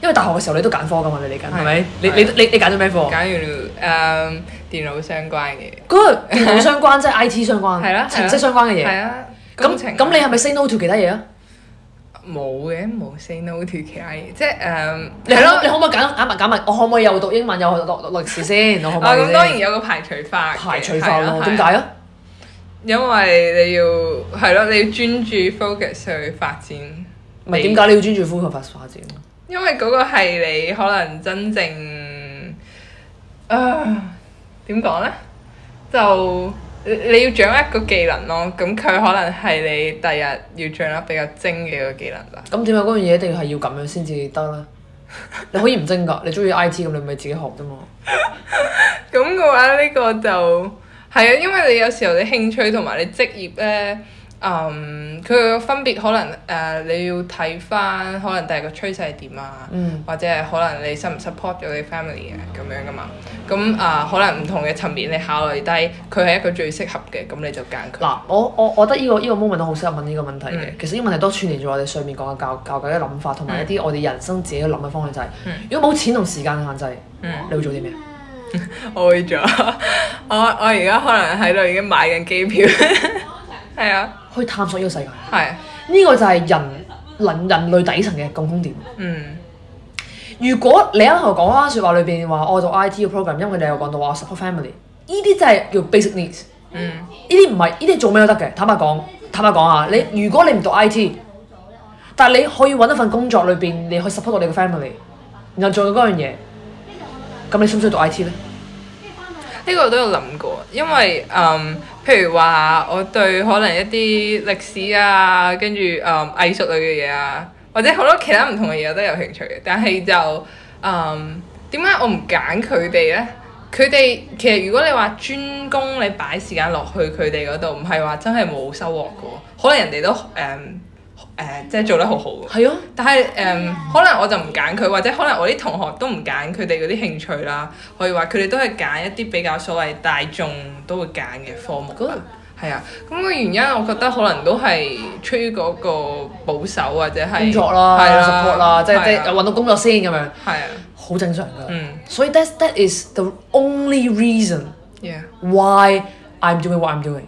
因為大學嘅時候你都揀科㗎嘛，你哋揀係咪？你你你你揀咗咩科？揀完誒電腦相關嘅。嗰個電腦相關，即係 IT 相關，程式相關嘅嘢。係啊，咁咁你係咪 say no to 其他嘢啊？冇嘅，冇 say no to 其他嘢，即係誒。係咯，你可唔可以揀？揀埋揀埋，我可唔可以又讀英文又讀歷史先？嗱，咁當然有個排除法。排除法咯，點解啊？因為你要係咯，你要專注 focus 去發展。咪點解你要專注 focus 發展？因為嗰個係你可能真正啊點講呢？就你你要掌握一個技能咯，咁佢可能係你第日要掌握比較精嘅個技能啦。咁點解嗰樣嘢一定係要咁樣先至得咧？你可以唔精㗎，你中意 IG 咁，你咪自己學啫嘛。咁嘅 話呢、呢個就係啊，因為你有時候你興趣同埋你職業呢。嗯，佢、um, 分別可能誒、呃，你要睇翻可能第二個趨勢係點啊，嗯、或者係可能你 support 唔 support 咗你 family 嘅、啊、咁樣㗎嘛？咁、嗯、啊，嗯嗯嗯、可能唔同嘅層面你考慮低，佢係一個最適合嘅，咁你就揀佢。嗱，我我我覺得呢個依個 moment 都好適合問呢個問題嘅。嗯、其實呢個問題都串連住我哋上面講嘅教、教教計嘅諗法，同埋一啲我哋人生自己嘅諗嘅方向、就是。就係：如果冇錢同時間嘅限制，嗯、你會做啲咩？我會做。我我而家可能喺度已經買緊機票。係啊。去探索呢個世界，係呢是個就係人能人,人類底層嘅共通點。嗯，如果你啱頭講嗰番説話裏邊話我做 IT 嘅 program，因為你又講到話 support family，呢啲真係叫 basic needs。嗯，呢啲唔係呢啲做咩都得嘅。坦白講，坦白講啊，你如果你唔讀 IT，但係你可以揾一份工作裏邊，你可以 support 到你嘅 family，然後做嗰樣嘢，咁你需唔需要讀 IT 咧？呢個我都有諗過，因為嗯。譬如話，我對可能一啲歷史啊，跟住誒藝術類嘅嘢啊，或者好多其他唔同嘅嘢我都有興趣嘅。但係就誒點解我唔揀佢哋呢？佢哋其實如果你話專攻，你擺時間落去佢哋嗰度，唔係話真係冇收穫嘅。可能人哋都誒。嗯誒，uh, 即係做得好好。係啊，但係誒，um, 可能我就唔揀佢，或者可能我啲同學都唔揀佢哋嗰啲興趣啦。可以話佢哋都係揀一啲比較所謂大眾都會揀嘅科目。係啊 Good. 啦，咁個原因，我覺得可能都係出於嗰個保守或者工作啦 support,、啊、，support 啦，即係即係揾到工作先咁樣。係啊，好、啊、正常噶。嗯，所以 that that is the only reason why I'm doing what I'm doing。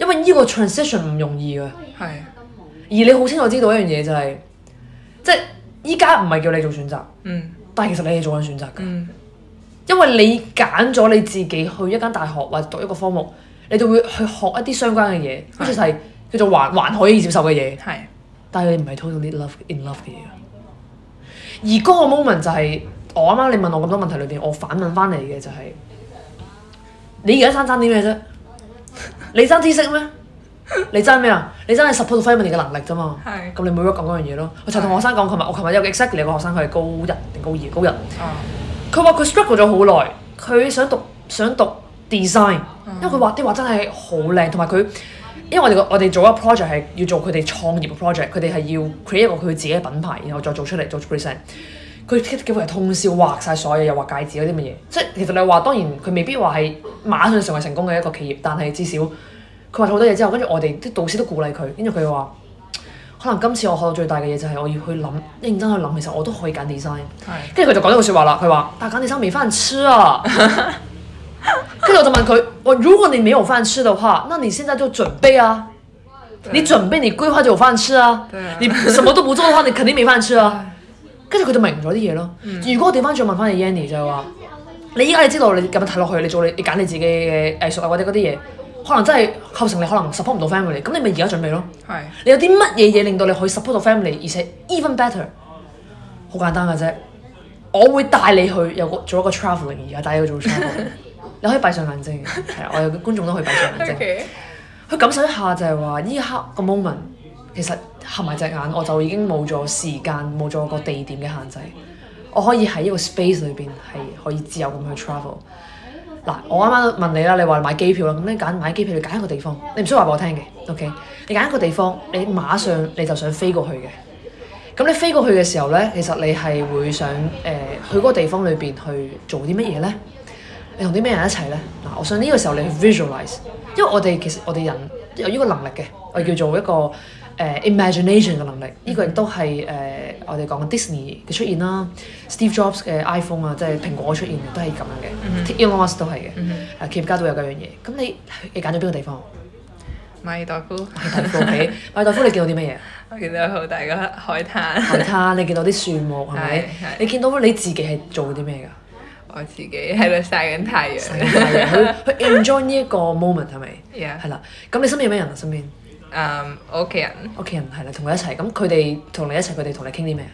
因為呢個 transition 唔容易噶。係 是、啊。而你好清楚知道一樣嘢就係、是，即係依家唔係叫你做選擇，嗯、但係其實你係做緊選擇嘅，嗯、因為你揀咗你自己去一間大學或者讀一個科目，你就會去學一啲相關嘅嘢，好似係叫做還還可以接受嘅嘢。係的，但係你唔係 totally love in love 嘅嘢。的而嗰個 moment 就係、是、我啱啱你問我咁多問題裏邊，我反問翻嚟嘅就係、是，你而家生生啲咩啫？ 你生知識咩？ 你真爭咩啊？你爭係突破到翻啲乜嘢嘅能力啫嘛。係是。咁你冇得講嗰樣嘢咯。 我就同學生講，琴日我琴日有個 exactly 個學生，佢係高一定高二，高一。佢話佢 struggle 咗好耐，佢想讀想讀 design，uh huh. 因為佢畫啲畫真係好靚，同埋佢因為我哋我哋做一個 project 係要做佢哋創業嘅 project，佢哋係要 create 一個佢自己嘅品牌，然後再做出嚟做 present。佢幾乎係通宵畫晒所有，又畫戒指嗰啲乜嘢。即、就、係、是、其實你話當然佢未必話係馬上成為成功嘅一個企業，但係至少。佢話好多嘢之後，跟住我哋啲導師都鼓勵佢，跟住佢話：可能今次我學到最大嘅嘢就係我要去諗，認真去諗，其實我都可以揀 design。跟住佢就講咗句説話啦，佢話：但揀 design 未飯黐啊！跟住 我就問佢：我如果你未有飯黐嘅話，那你現在就準備啊！對你準備你規劃就有飯黐啊！啊你什麼都冇做嘅話，你肯定未飯黐啊！跟住佢就明咗啲嘢咯。嗯、如果我地方全部問返你 Yanny 就係話： 你依家你知道你咁睇落去，你做你你揀你自己嘅藝術啊或者嗰啲嘢。可能真係構成你可能 support 唔到 family，咁你咪而家準備咯。係是，你有啲乜嘢嘢令到你可以 support 到 family，而且 even better，好簡單㗎啫。我會帶你去有個做一個 travel，而家帶你去做 travel。 你可以閉上眼睛，係啊，我有觀眾都可以閉上眼睛，去 Okay. 感受一下就係話呢刻個 moment。其實合埋隻眼我就已經冇咗時間、冇咗個地點嘅限制，我可以喺呢個 space 裏邊係可以自由咁去 travel。嗱，我啱啱問你啦，你話買機票啦，咁你揀買機票，你揀一個地方，你唔需要話俾我聽嘅，OK，你揀一個地方，你馬上你就想飛過去嘅，咁你飛過去嘅時候咧，其實你係會想誒、呃、去嗰個地方裏邊去做啲乜嘢咧？你同啲咩人一齊咧？嗱，我想呢個時候你去 visualize，因為我哋其實我哋人有呢個能力嘅，我哋叫做一個，誒 imagination 嘅能力，呢個亦都係誒我哋講嘅 Disney 嘅出現啦，Steve Jobs 嘅 iPhone 啊，即係蘋果出現都係咁樣嘅 Universe 都係嘅，啊企業家都有幾樣嘢，咁你你揀咗邊個地方？馬爾代夫，馬爾代夫，馬爾代夫你見到啲咩嘢？我見到好大個海灘，海灘你見到啲樹木係咪？你見到你自己係做啲咩㗎？我自己係咪？曬緊太陽，佢佢 enjoy 呢一個 moment 係咪？係啦，咁你身邊有咩人啊？身邊？誒，um, 我屋企人，屋企人係啦，同佢一齊，咁佢哋同你一齊，佢哋同你傾啲咩啊？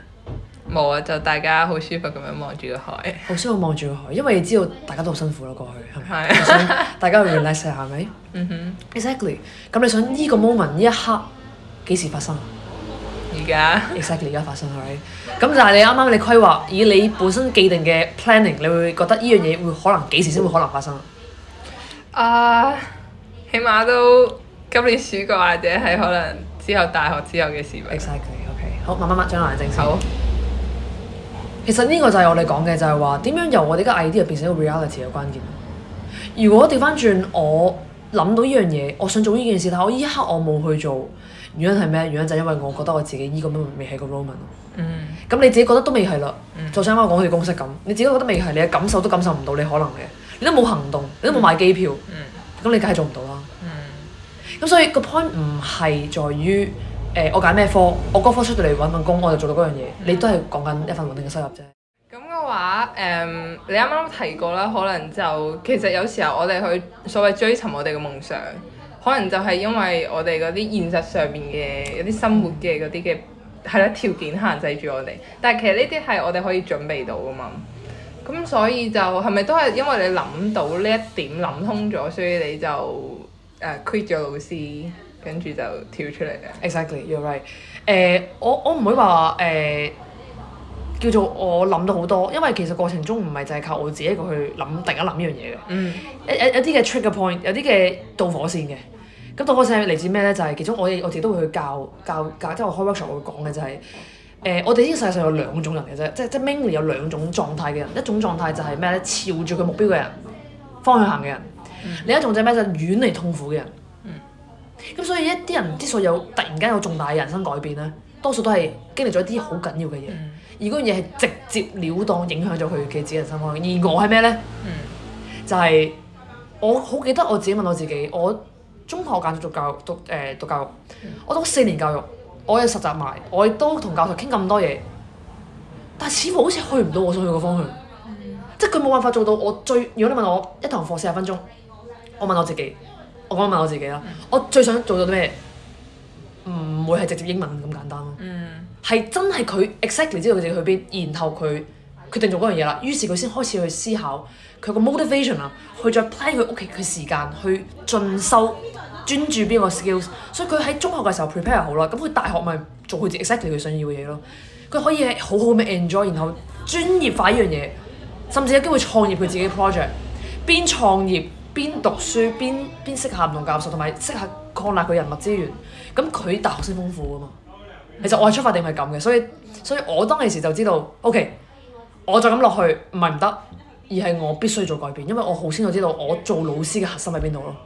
冇啊，就大家好舒服咁樣望住個海。好舒服望住個海，因為你知道大家都好辛苦啦，過去係咪？係係 大家 relax 下係咪？嗯哼、mm hmm.，exactly。咁你想呢個 moment 呢一刻幾時發生？而家。在 exactly 而家發生係咪？咁、right? 就係你啱啱你規劃以你本身既定嘅 planning，你會覺得呢樣嘢會可能幾時先會可能發生啊？Uh, 起碼都。今年暑假或者係可能之後大學之後嘅事 Exactly, okay. 好，慢慢慢慢正修。好其實呢個就係我哋講嘅，就係話點樣由我哋嘅 idea 變成一個 reality 嘅關鍵。如果掉翻轉，我諗到依樣嘢，我想做呢件事，但係我一刻我冇去做，原因係咩？原因就係因為我覺得我自己依咁樣未係個 roman。咁你自己覺得都未係啦。嗯。Mm. 就上翻講佢公式咁，你自己覺得未係，你嘅感受都感受唔到你可能嘅，你都冇行動，你都冇買機票。咁、mm. 你梗係做唔到。咁所以個 point 唔係在於誒我揀咩科，我嗰科出到嚟揾份工，我就做到嗰樣嘢。你都係講緊一份穩定嘅收入啫。咁嘅話，誒、嗯、你啱啱提過啦，可能就其實有時候我哋去所謂追尋我哋嘅夢想，可能就係因為我哋嗰啲現實上面嘅有啲生活嘅嗰啲嘅係啦條件限制住我哋。但係其實呢啲係我哋可以準備到㗎嘛。咁所以就係咪都係因為你諗到呢一點，諗通咗，所以你就？誒、uh, quit 咗老師，跟住就跳出嚟嘅。Exactly, you're right。誒，我我唔會話誒，叫做我諗到好多，因為其實過程中唔係就係靠我自己一個去諗，突然間諗呢樣嘢嘅。嗯、like, uh, the。一啲嘅 trigger 嘅 point，有啲嘅導火線嘅。咁導火線係嚟自咩咧？就係其中我哋我哋都會去教教教，即係我開 workshop 會講嘅就係誒，我哋呢個世界上有兩種人嘅啫，即即係 mainly 有兩種狀態嘅人，一種狀態就係咩咧？朝住佢目標嘅人，方向行嘅人。 另一種就係咩，就遠離痛苦嘅人。咁、嗯、所以一啲人之所以有突然間有重大嘅人生改變咧，多數都係經歷咗一啲好緊要嘅嘢，嗯、而嗰樣嘢係直接了當影響咗佢嘅自己人生方向。而我係咩咧？嗯、就係、是、我好記得我自己問我自己，我中學我揀咗做教育，讀誒讀教育，嗯、我讀四年教育，我又實習埋，我亦都同教授傾咁多嘢，但係似乎好似去唔到我想去嘅方向，嗯、即係佢冇辦法做到我最。如果你問我一堂課四十分鐘。我問我自己，我講問我自己啦。Mm. 我最想做到啲咩？唔會係直接英文咁簡單咯。係、mm. 真係佢 exactly 知道佢自己去邊，然後佢決定做嗰樣嘢啦。於是佢先開始去思考佢個 motivation 啦，去再 plan 佢屋企嘅時間，去進修，專注邊個 skills。所以佢喺中學嘅時候 prepare 好啦，咁佢大學咪做佢自己 exactly 佢想要嘅嘢咯。佢可以好好咁樣 enjoy，然後專業化一樣嘢，甚至有機會創業佢自己嘅 project。邊創業，邊讀書邊邊識下唔同教授，同埋識下擴大佢人脈資源，咁佢大學先豐富㗎嘛。其實我係出發點係咁嘅，所以所以我當其時就知道，O、okay, 普通 hơn K，、okay, 我再咁落去唔係唔得，而係我必須做改變，因為我好清楚知道我做老師嘅核心喺邊度咯。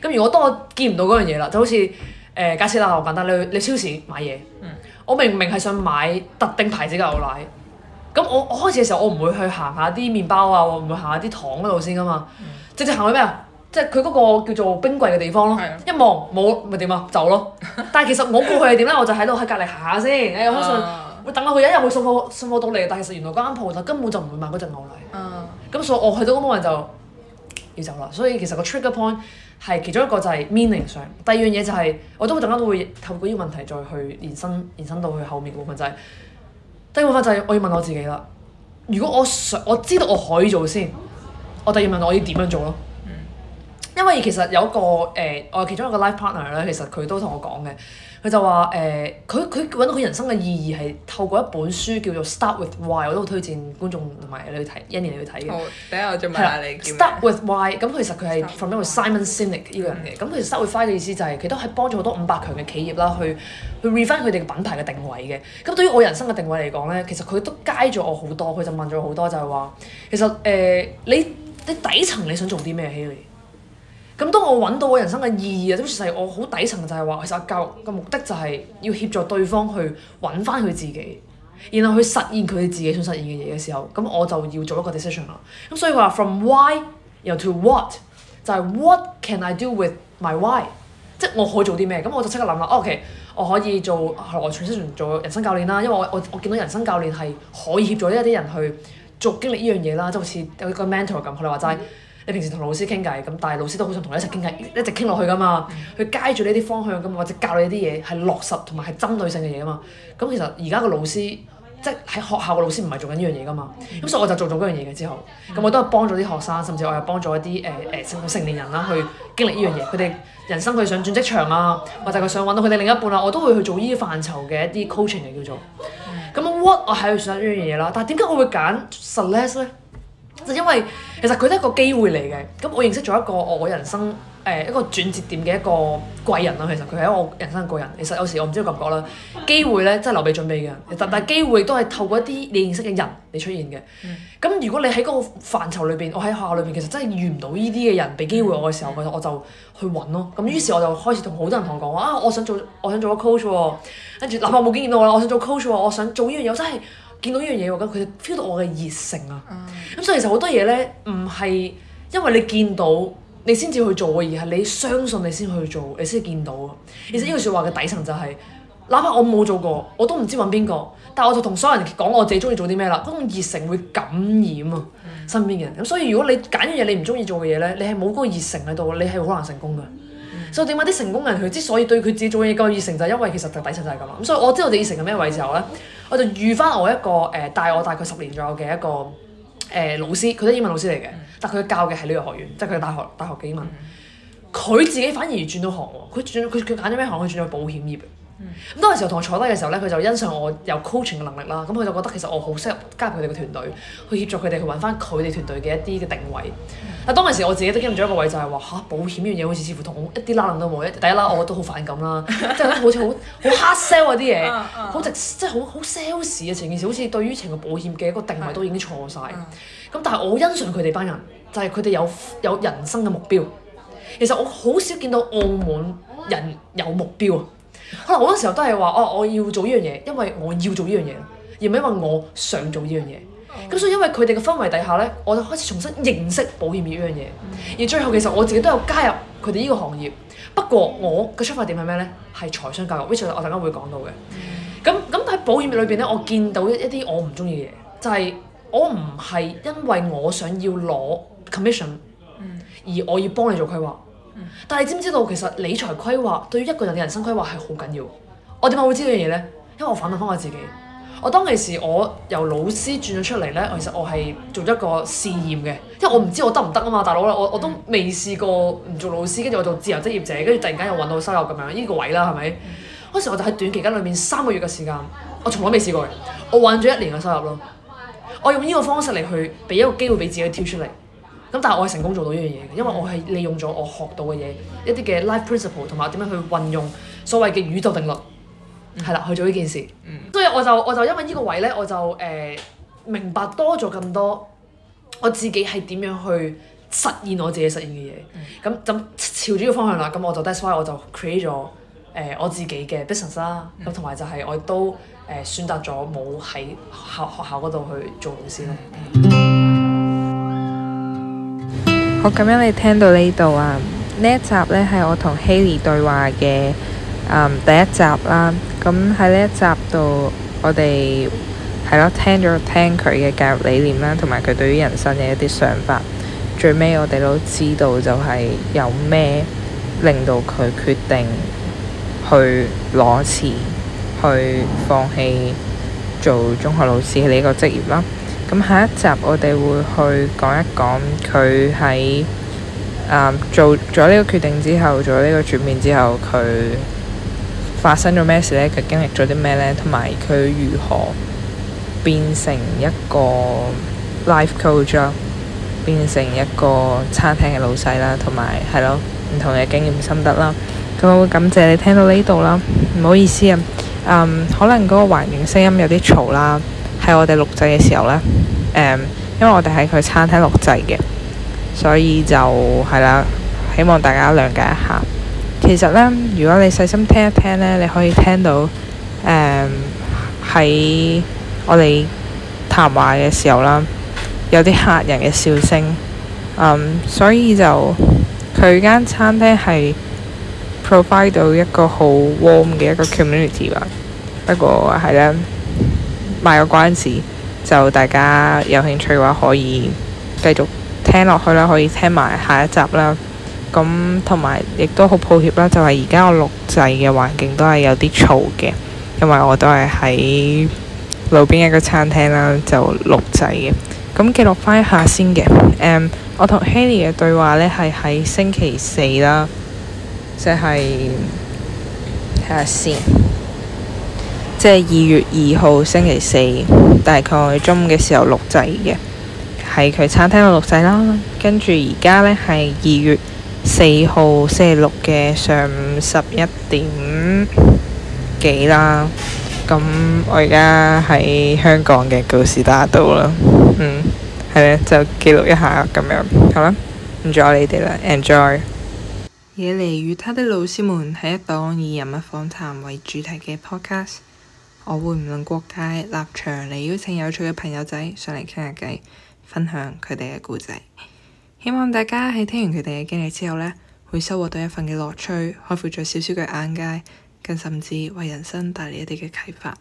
咁如果當我見唔到嗰樣嘢啦，就好似誒，假設啦好簡單，你去你超市買嘢，enth Dare de pergunta 我明明係想買特定牌子嘅牛奶，咁我我開始嘅時候我唔會去行下啲麵包啊，我唔會行下啲糖嗰度先噶嘛。th ee th ee jungle 直接行去咩啊？即係佢嗰個叫做冰櫃嘅地方咯。是啊、一望冇，咪點啊？走咯！ 但係其實我估佢係點咧？我就喺度喺隔離行下先。誒、 哎，我想，我等下佢一日會送貨，送貨到嚟。但係其實原來嗰間鋪頭根本就唔會賣嗰隻牛奶。咁 所以我去到嗰 moment 人就要走啦。所以其實個 trigger point 係其中一個就係 meaning 上。第二樣嘢就係、是、我都會等下都會透過呢個問題再去延伸延伸到去後面嘅部分就係、是、第二部分就係我要問我自己啦。如果我想我知道我可以先做先。我第二問我要點樣做咯，嗯、因為其實有個誒、呃，我其中一個 life partner 咧，其實佢都同我講嘅，佢就話誒，佢、呃、佢搵到佢人生嘅意義係透過一本書叫做 Start with Why，我都好推薦觀眾同埋你去睇，一年嚟去睇嘅。等下我再問下的你見。Start with Why 咁其實佢係 from 個 Simon Sinek 呢個人嘅，咁佢 Start with Why 嘅意思就係、是、佢都係幫助好多五百強嘅企業啦，嗯、去去 refine 佢哋嘅品牌嘅定位嘅。咁對於我人生嘅定位嚟講咧，其實佢都解咗我好多。佢就問咗好多，多就係話，其實誒、呃呃、你。你底層你想做啲咩 Hailey？咁當我揾到我人生嘅意義啊，即係我好底層就係話，其實教育嘅目的就係要協助對方去揾翻佢自己，然後去實現佢哋自己想實現嘅嘢嘅時候，咁我就要做一個 decision 啦。咁所以佢話 from why 又 to what，就係 what can I do with my why？即係我可以做啲咩？咁我就即刻諗啦，OK，我可以做後來我全職做人生教練啦，因為我我我見到人生教練係可以協助呢一啲人去。做經歷呢樣嘢啦，即好似有個 mentor 咁，佢哋話齋你平時同老師傾偈咁，但係老師都好想同你一齊傾偈，一直傾落去噶嘛，佢街住呢啲方向噶或者教你啲嘢係落實同埋係針對性嘅嘢噶嘛。咁其實而家個老師即係喺學校個老師唔係做緊呢樣嘢噶嘛，咁所以我就做咗嗰樣嘢嘅之後，咁、嗯、我都係幫咗啲學生，甚至我又幫咗一啲誒誒成成年人啦去經歷呢樣嘢，佢哋人生佢想轉職場啊，或者佢想揾到佢哋另一半啦、啊，我都會去做呢啲範疇嘅一啲 coaching 嚟叫做。咁啊 what 我係會選擇呢樣嘢啦，但係點解我會揀 Céleste 咧？就因為其實佢都係一個機會嚟嘅，咁我認識咗一個我人生誒一個轉折點嘅一個貴人咯，其實佢係一個人生嘅貴人。其實有時我唔知佢感覺啦，機會咧真係留俾準備嘅。但但機會都係透過一啲你認識嘅人，嚟出現嘅。咁、嗯、如果你喺嗰個範疇裏邊，我喺學校裏邊，其實真係遇唔到呢啲嘅人俾機會我嘅時候，嗯、我就去揾咯。咁於是我就開始同好多人同我講話啊，我想做，我想做個 coach 跟住哪怕冇見到我啦，我想做 coach 我想做呢樣嘢，我真係見到呢樣嘢佢 feel 到我嘅熱誠啊。咁、嗯、所以其實好多嘢咧，唔係因為你見到。你先至去做嘅，而係你相信你先去做，你先見到啊！其實呢句説話嘅底層就係，是，哪怕我冇做過，我都唔知揾邊個，但係我就同所有人講我自己中意做啲咩啦。嗰種熱誠會感染啊身邊嘅人。咁所以如果你揀啲嘢你唔中意做嘅嘢呢，你係冇嗰個熱誠喺度，你係好難成功噶。嗯、所以點解啲成功人佢之所以對佢自己做嘢夠熱誠，就係因為其實個底層就係咁啊。咁所以我知道我熱誠係咩位時候呢，我就預翻我一個誒帶、呃、我大概十年左右嘅一個。誒、呃、老師，佢都係英文老師嚟嘅，嗯、但佢教嘅係旅遊學院，即係佢嘅大學大學嘅英文。佢、嗯、自己反而轉咗行喎，佢轉佢佢揀咗咩行？佢轉咗保險業。咁嗰陣時候同我坐低嘅時候咧，佢就欣賞我有 coaching 嘅能力啦。咁佢就覺得其實我好適合加入佢哋嘅團隊，去協助佢哋去揾翻佢哋團隊嘅一啲嘅定位。但當陣時我自己都記唔住一個位就係話吓，保險呢樣嘢好似似乎同我一啲拉楞都冇。第一啦，我都好反感啦，即係 好似好好 hard sell 嗰啲嘢，好直即係好好 sales 啊！成件事好似對於成個保險嘅一個定位都已經錯晒。咁 但係我好欣賞佢哋班人就係佢哋有有人生嘅目標。其實我好少見到澳門人有目標。可能好多時候都係話，哦、啊，我要做呢樣嘢，因為我要做呢樣嘢，而唔係因為我想做呢樣嘢。咁所以因為佢哋嘅氛圍底下呢，我就開始重新認識保險呢樣嘢。而最後其實我自己都有加入佢哋呢個行業，不過我嘅出發點係咩呢？係財商教育，which 我陣間會講到嘅。咁咁但係保險裏邊呢，我見到一啲我唔中意嘅嘢，就係、是、我唔係因為我想要攞 commission，而我要幫你做規劃。但係你知唔知道，其實理財規劃對於一個人嘅人生規劃係好緊要。我點解會知呢樣嘢呢？因為我反問翻我自己，我當其時我由老師轉咗出嚟呢，其實我係做一個試驗嘅，因為我唔知我得唔得啊嘛，大佬我我都未試過唔做老師，跟住我做自由職業者，跟住突然間又揾到收入咁樣，呢、呢個位啦係咪？嗰、嗯、時我就喺短期間裏面三個月嘅時間，我從來未試過嘅，我揾咗一年嘅收入咯，我用呢個方式嚟去俾一個機會俾自己跳出嚟。咁但係我係成功做到呢樣嘢嘅，因為我係利用咗我學到嘅嘢，一啲嘅 life principle 同埋點樣去運用所謂嘅宇宙定律，係啦、嗯，去做呢件事。嗯、所以我就我就因為呢個位咧，我就誒、呃、明白多咗咁多，我自己係點樣去實現我自己實現嘅嘢。咁、嗯嗯、就朝住個方向啦，咁我就 that's why 我就 create 咗誒、呃、我自己嘅 business 啦，咁同埋就係我都誒選擇咗冇喺校學校嗰度去做老師咯。嗯我咁樣你聽到呢度啊？呢一集咧係我同 Hailey 對話嘅嗯第一集啦。咁喺呢一集度，我哋係咯聽咗聽佢嘅教育理念啦，同埋佢對於人生嘅一啲想法。最尾我哋都知道就係有咩令到佢決定去攞 cert，去放棄做中學老師呢個職業啦。咁下一集我哋會去講一講佢喺、呃、做咗呢個決定之後，做咗呢個轉變之後，佢發生咗咩事呢？佢經歷咗啲咩呢？同埋佢如何變成一個 life coach、啊、變成一個餐廳嘅老細啦、啊，同埋係咯唔同嘅經驗心得啦。咁我會感謝你聽到呢度啦，唔好意思啊，嗯、可能嗰個環境聲音有啲嘈啦。喺我哋錄製嘅時候呢，誒、um,，因為我哋喺佢餐廳錄製嘅，所以就係啦，希望大家諒解一下。其實呢，如果你細心聽一聽呢，你可以聽到誒喺、um, 我哋談話嘅時候啦，有啲客人嘅笑聲，嗯、um,，所以就佢間餐廳係 provide 到一個好 warm 嘅一個 community 吧。不過係啦。賣個關子，就大家有興趣嘅話，可以繼續聽落去啦，可以聽埋下一集啦。咁同埋亦都好抱歉啦，就係而家我錄製嘅環境都係有啲嘈嘅，因為我都係喺路邊一個餐廳啦，就錄製嘅。咁記錄翻一下先嘅，um, 我同 Hailey 嘅對話呢係喺星期四啦，即係睇下先。看看即係二月二號星期四，大概中午嘅時候錄製嘅，係佢餐廳度錄製啦。跟住而家呢，係二月四號星期六嘅上午十一點幾啦。咁我而家喺香港嘅告士打道啦。嗯，係咧，就記錄一下咁樣，好啦。唔阻你哋啦，enjoy。野梨與他的老師們係一檔以人物訪談為主題嘅 podcast。我會唔論國界立場嚟邀請有趣嘅朋友仔上嚟傾下偈，分享佢哋嘅故仔。希望大家喺聽完佢哋嘅經歷之後呢，會收穫到一份嘅樂趣，開闊咗少少嘅眼界，更甚至為人生帶嚟一啲嘅啟發。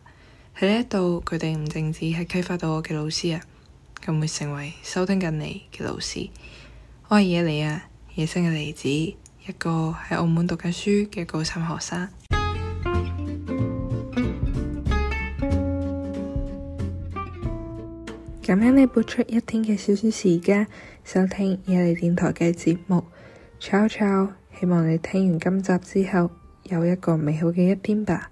喺呢一度，佢哋唔淨止係啟發到我嘅老師啊，更會成為收聽緊你嘅老師。我係野梨啊，野生嘅梨子，一個喺澳門讀緊書嘅高三學生。感恩你撥出一天嘅小小時間收聽野梨電台嘅節目，炒炒，希望你聽完今集之後有一個美好嘅一天吧。